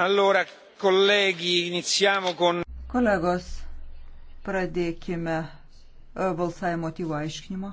Allora, colleghi, iniziamo con... Kolegos, pradėkime e, balsavimo motyvų aiškinimą.